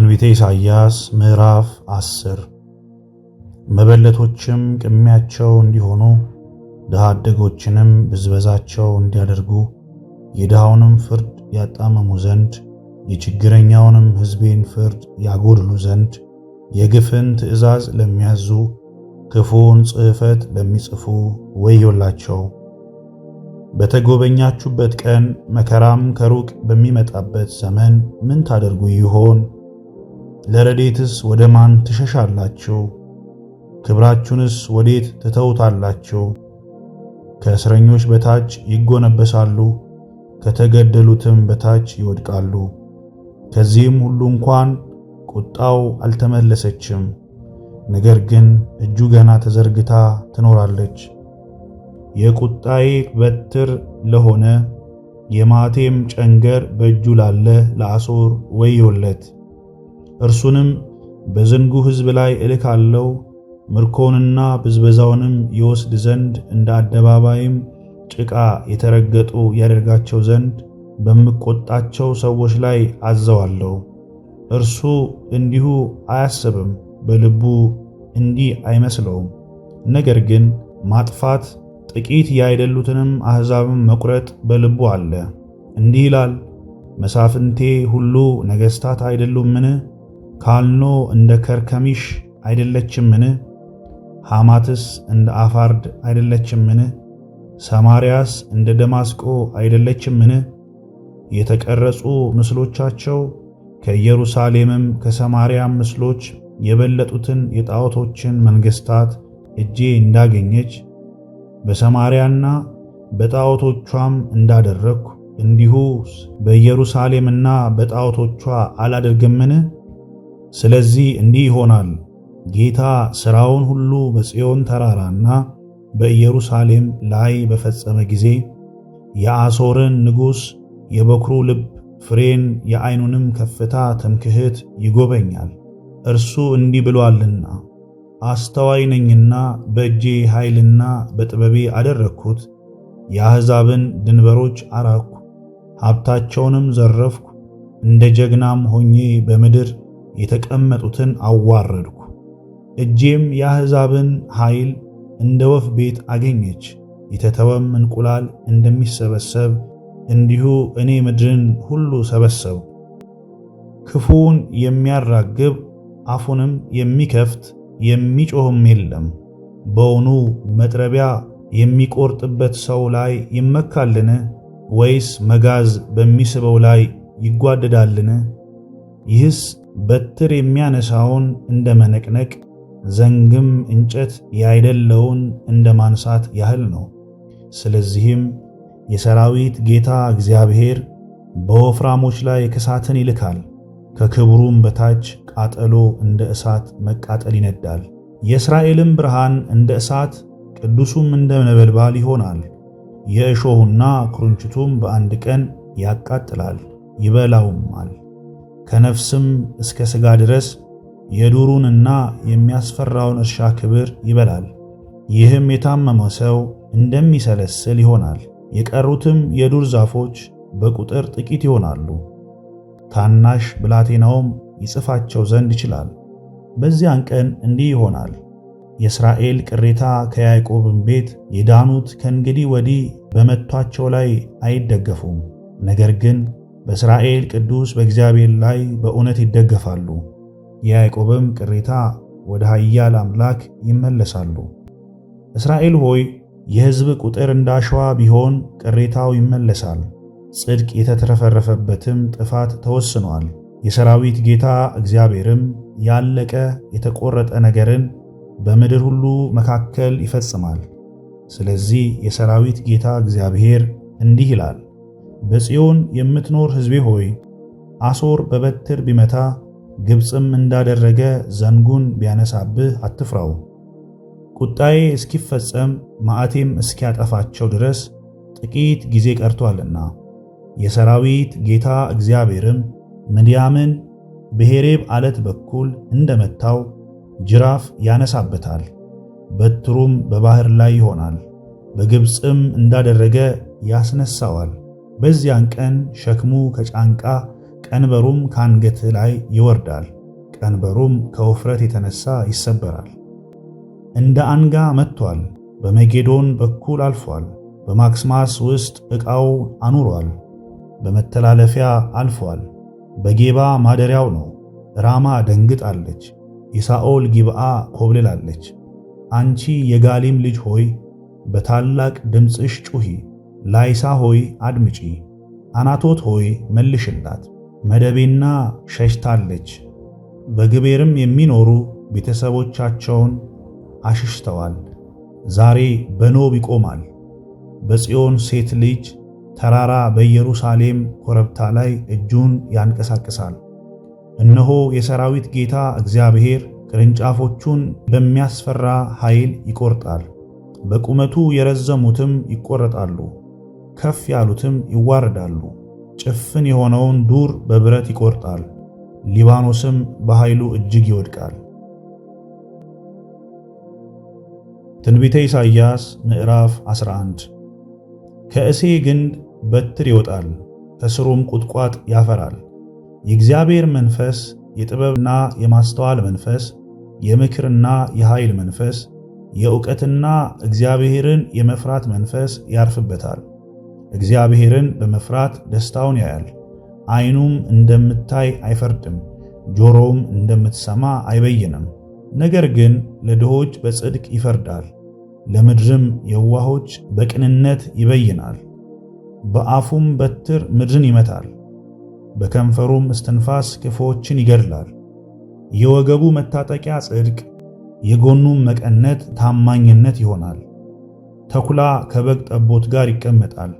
ትንቢተ ኢሳይያስ ምዕራፍ 10 መበለቶችም ቅሚያቸው እንዲሆኑ ድሃ አደጎችንም ብዝበዛቸው እንዲያደርጉ የድሃውንም ፍርድ ያጣመሙ ዘንድ የችግረኛውንም ሕዝቤን ፍርድ ያጎድሉ ዘንድ የግፍን ትእዛዝ ለሚያዙ ክፉውን ጽሕፈት ለሚጽፉ ወዮላቸው። በተጎበኛችሁበት ቀን መከራም ከሩቅ በሚመጣበት ዘመን ምን ታደርጉ ይሆን? ለረዴትስ ወደ ማን ትሸሻላችሁ? ክብራችሁንስ ወዴት ትተውታላችሁ? ከእስረኞች በታች ይጎነበሳሉ፣ ከተገደሉትም በታች ይወድቃሉ። ከዚህም ሁሉ እንኳን ቁጣው አልተመለሰችም፣ ነገር ግን እጁ ገና ተዘርግታ ትኖራለች። የቁጣዬ በትር ለሆነ የማቴም ጨንገር በእጁ ላለ ወይ ወዮለት። እርሱንም በዝንጉ ሕዝብ ላይ እልካለው ምርኮውንና ብዝበዛውንም ይወስድ ዘንድ እንደ አደባባይም ጭቃ የተረገጡ ያደርጋቸው ዘንድ በምቆጣቸው ሰዎች ላይ አዘዋለሁ። እርሱ እንዲሁ አያስብም፣ በልቡ እንዲህ አይመስለውም። ነገር ግን ማጥፋት ጥቂት ያይደሉትንም አሕዛብም መቁረጥ በልቡ አለ። እንዲህ ይላል፣ መሳፍንቴ ሁሉ ነገሥታት አይደሉምን? ካልኖ እንደ ከርከሚሽ አይደለችምን? ሐማትስ እንደ አፋርድ አይደለችምን? ሰማርያስ እንደ ደማስቆ አይደለችምን? የተቀረጹ ምስሎቻቸው ከኢየሩሳሌምም ከሰማርያም ምስሎች የበለጡትን የጣዖቶችን መንግሥታት እጄ እንዳገኘች በሰማርያና በጣዖቶቿም እንዳደረኩ እንዲሁ በኢየሩሳሌምና በጣዖቶቿ አላደርግምን? ስለዚህ እንዲህ ይሆናል፣ ጌታ ሥራውን ሁሉ በጽዮን ተራራና በኢየሩሳሌም ላይ በፈጸመ ጊዜ የአሦርን ንጉሥ የበክሩ ልብ ፍሬን የአይኑንም ከፍታ ትምክህት ይጎበኛል። እርሱ እንዲህ ብሏልና አስተዋይ ነኝና በእጄ ኃይልና በጥበቤ አደረግኩት። የአሕዛብን ድንበሮች አራኩ፣ ሀብታቸውንም ዘረፍኩ። እንደ ጀግናም ሆኜ በምድር የተቀመጡትን አዋረድኩ። እጄም የአሕዛብን ኃይል እንደ ወፍ ቤት አገኘች። የተተወም እንቁላል እንደሚሰበሰብ እንዲሁ እኔ ምድርን ሁሉ ሰበሰቡ። ክፉውን የሚያራግብ አፉንም የሚከፍት የሚጮህም የለም። በውኑ መጥረቢያ የሚቆርጥበት ሰው ላይ ይመካልን? ወይስ መጋዝ በሚስበው ላይ ይጓደዳልን? ይህስ በትር የሚያነሳውን እንደ መነቅነቅ ዘንግም እንጨት ያይደለውን እንደ ማንሳት ያህል ነው። ስለዚህም የሰራዊት ጌታ እግዚአብሔር በወፍራሞች ላይ ክሳትን ይልካል፣ ከክብሩም በታች ቃጠሎ እንደ እሳት መቃጠል ይነዳል። የእስራኤልም ብርሃን እንደ እሳት ቅዱሱም እንደ ነበልባል ይሆናል። የእሾሁና ኩርንችቱም በአንድ ቀን ያቃጥላል ይበላውማል። ከነፍስም እስከ ሥጋ ድረስ የዱሩንና የሚያስፈራውን እርሻ ክብር ይበላል። ይህም የታመመው ሰው እንደሚሰለስል ይሆናል። የቀሩትም የዱር ዛፎች በቁጥር ጥቂት ይሆናሉ። ታናሽ ብላቴናውም ይጽፋቸው ዘንድ ይችላል። በዚያን ቀን እንዲህ ይሆናል። የእስራኤል ቅሬታ ከያዕቆብም ቤት የዳኑት ከእንግዲህ ወዲህ በመቷቸው ላይ አይደገፉም። ነገር ግን በእስራኤል ቅዱስ በእግዚአብሔር ላይ በእውነት ይደገፋሉ፣ የያዕቆብም ቅሬታ ወደ ኃያል አምላክ ይመለሳሉ። እስራኤል ሆይ የሕዝብ ቁጥር እንዳሸዋ ቢሆን ቅሬታው ይመለሳል፣ ጽድቅ የተትረፈረፈበትም ጥፋት ተወስኗል። የሰራዊት ጌታ እግዚአብሔርም ያለቀ የተቆረጠ ነገርን በምድር ሁሉ መካከል ይፈጽማል። ስለዚህ የሰራዊት ጌታ እግዚአብሔር እንዲህ ይላል በጽዮን የምትኖር ሕዝቤ ሆይ አሦር በበትር ቢመታ ግብፅም እንዳደረገ ዘንጉን ቢያነሳብህ አትፍራው። ቁጣዬ እስኪፈጸም ማዕቴም እስኪያጠፋቸው ድረስ ጥቂት ጊዜ ቀርቶአልና። የሰራዊት ጌታ እግዚአብሔርም ምድያምን በሄሬብ ዓለት በኩል እንደመታው ጅራፍ ያነሳበታል፣ በትሩም በባህር ላይ ይሆናል፣ በግብፅም እንዳደረገ ያስነሳዋል። በዚያን ቀን ሸክሙ ከጫንቃ ቀንበሩም ከአንገት ላይ ይወርዳል፣ ቀንበሩም ከውፍረት የተነሳ ይሰበራል። እንደ አንጋ መጥቷል፣ በመጌዶን በኩል አልፏል። በማክስማስ ውስጥ ዕቃው አኑሯል፣ በመተላለፊያ አልፏል። በጌባ ማደሪያው ነው። ራማ ደንግጣለች፣ የሳኦል ጊብዓ ኮብልላለች። አንቺ የጋሊም ልጅ ሆይ በታላቅ ድምፅሽ ጩኺ ላይሳ ሆይ አድምጪ፣ አናቶት ሆይ መልሽላት፣ መደቤና ሸሽታለች። በግቤርም የሚኖሩ ቤተሰቦቻቸውን አሽሽተዋል። ዛሬ በኖብ ይቆማል። በጽዮን ሴት ልጅ ተራራ በኢየሩሳሌም ኮረብታ ላይ እጁን ያንቀሳቅሳል። እነሆ የሰራዊት ጌታ እግዚአብሔር ቅርንጫፎቹን በሚያስፈራ ኃይል ይቆርጣል፣ በቁመቱ የረዘሙትም ይቆረጣሉ። ከፍ ያሉትም ይዋረዳሉ። ጭፍን የሆነውን ዱር በብረት ይቆርጣል፣ ሊባኖስም በኃይሉ እጅግ ይወድቃል። ትንቢተ ኢሳይያስ ምዕራፍ 11 ከእሴ ግንድ በትር ይወጣል፣ ከስሩም ቁጥቋጥ ያፈራል። የእግዚአብሔር መንፈስ የጥበብና የማስተዋል መንፈስ፣ የምክርና የኃይል መንፈስ፣ የእውቀትና እግዚአብሔርን የመፍራት መንፈስ ያርፍበታል። እግዚአብሔርን በመፍራት ደስታውን ያያል። ዓይኑም እንደምታይ አይፈርድም፣ ጆሮውም እንደምትሰማ አይበይንም። ነገር ግን ለድሆች በጽድቅ ይፈርዳል፣ ለምድርም የዋሆች በቅንነት ይበይናል። በአፉም በትር ምድርን ይመታል፣ በከንፈሩም እስትንፋስ ክፉዎችን ይገድላል። የወገቡ መታጠቂያ ጽድቅ፣ የጎኑም መቀነት ታማኝነት ይሆናል። ተኩላ ከበግ ጠቦት ጋር ይቀመጣል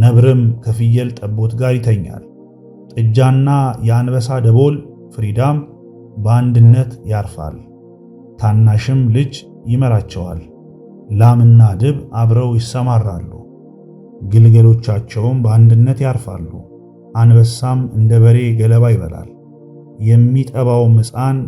ነብርም ከፍየል ጠቦት ጋር ይተኛል። ጥጃና የአንበሳ ደቦል ፍሪዳም በአንድነት ያርፋል። ታናሽም ልጅ ይመራቸዋል። ላምና ድብ አብረው ይሰማራሉ። ግልገሎቻቸውም በአንድነት ያርፋሉ። አንበሳም እንደ በሬ ገለባ ይበላል። የሚጠባውም ሕፃን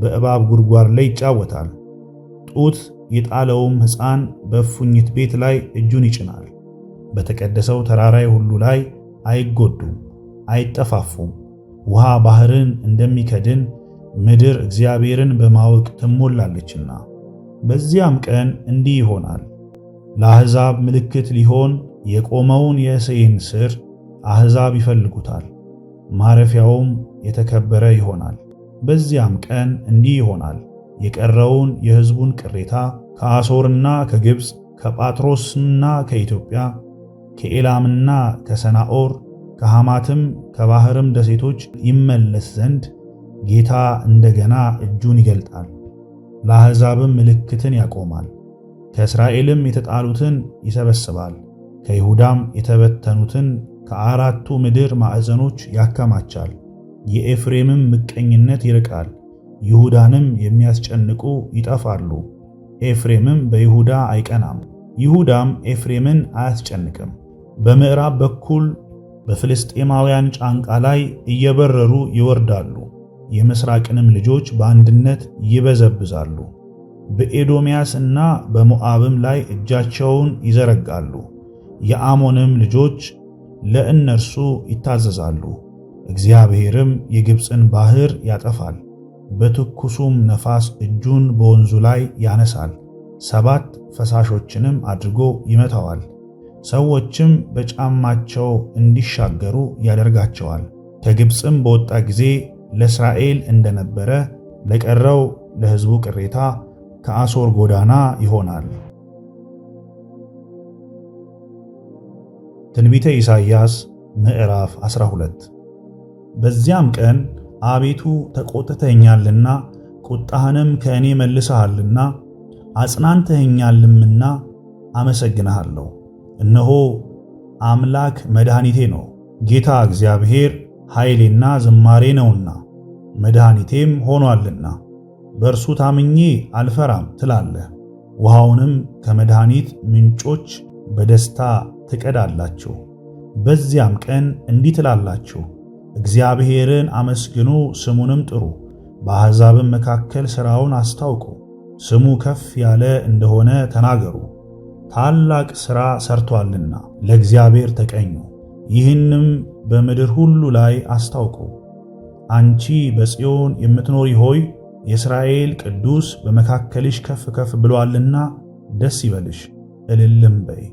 በእባብ ጉድጓድ ላይ ይጫወታል። ጡት የጣለውም ሕፃን በእፉኝት ቤት ላይ እጁን ይጭናል። በተቀደሰው ተራራይ ሁሉ ላይ አይጎዱም፣ አይጠፋፉም። ውሃ ባህርን እንደሚከድን ምድር እግዚአብሔርን በማወቅ ትሞላለችና። በዚያም ቀን እንዲህ ይሆናል፤ ለአሕዛብ ምልክት ሊሆን የቆመውን የእሴይን ሥር አሕዛብ ይፈልጉታል፣ ማረፊያውም የተከበረ ይሆናል። በዚያም ቀን እንዲህ ይሆናል፤ የቀረውን የሕዝቡን ቅሬታ ከአሦርና ከግብፅ ከጳትሮስና ከኢትዮጵያ ከኤላምና ከሰናኦር ከሐማትም ከባህርም ደሴቶች ይመለስ ዘንድ ጌታ እንደገና እጁን ይገልጣል። ለአሕዛብም ምልክትን ያቆማል። ከእስራኤልም የተጣሉትን ይሰበስባል። ከይሁዳም የተበተኑትን ከአራቱ ምድር ማዕዘኖች ያከማቻል። የኤፍሬምም ምቀኝነት ይርቃል፣ ይሁዳንም የሚያስጨንቁ ይጠፋሉ። ኤፍሬምም በይሁዳ አይቀናም፣ ይሁዳም ኤፍሬምን አያስጨንቅም። በምዕራብ በኩል በፍልስጤማውያን ጫንቃ ላይ እየበረሩ ይወርዳሉ፣ የምስራቅንም ልጆች በአንድነት ይበዘብዛሉ። በኤዶምያስ እና በሞዓብም ላይ እጃቸውን ይዘረጋሉ። የአሞንም ልጆች ለእነርሱ ይታዘዛሉ። እግዚአብሔርም የግብፅን ባሕር ያጠፋል፣ በትኩሱም ነፋስ እጁን በወንዙ ላይ ያነሳል፣ ሰባት ፈሳሾችንም አድርጎ ይመታዋል። ሰዎችም በጫማቸው እንዲሻገሩ ያደርጋቸዋል። ከግብፅም በወጣ ጊዜ ለእስራኤል እንደነበረ ለቀረው ለሕዝቡ ቅሬታ ከአሶር ጎዳና ይሆናል። ትንቢተ ኢሳይያስ ምዕራፍ 12 በዚያም ቀን አቤቱ ተቆጥተኛልና ቁጣህንም ከእኔ መልሰሃልና አጽናንተኛልምና አመሰግንሃለሁ እነሆ አምላክ መድኃኒቴ ነው፣ ጌታ እግዚአብሔር ኃይሌና ዝማሬ ነውና መድኃኒቴም ሆኗልና በእርሱ ታምኜ አልፈራም ትላለህ። ውሃውንም ከመድኃኒት ምንጮች በደስታ ትቀዳላችሁ። በዚያም ቀን እንዲህ ትላላችሁ፣ እግዚአብሔርን አመስግኑ፣ ስሙንም ጥሩ፣ በአሕዛብም መካከል ሥራውን አስታውቁ፣ ስሙ ከፍ ያለ እንደሆነ ተናገሩ። ታላቅ ሥራ ሰርቶአልና ለእግዚአብሔር ተቀኙ፣ ይህንም በምድር ሁሉ ላይ አስታውቁ። አንቺ በጽዮን የምትኖሪ ሆይ የእስራኤል ቅዱስ በመካከልሽ ከፍ ከፍ ብሎአልና ደስ ይበልሽ፣ እልልም በይ።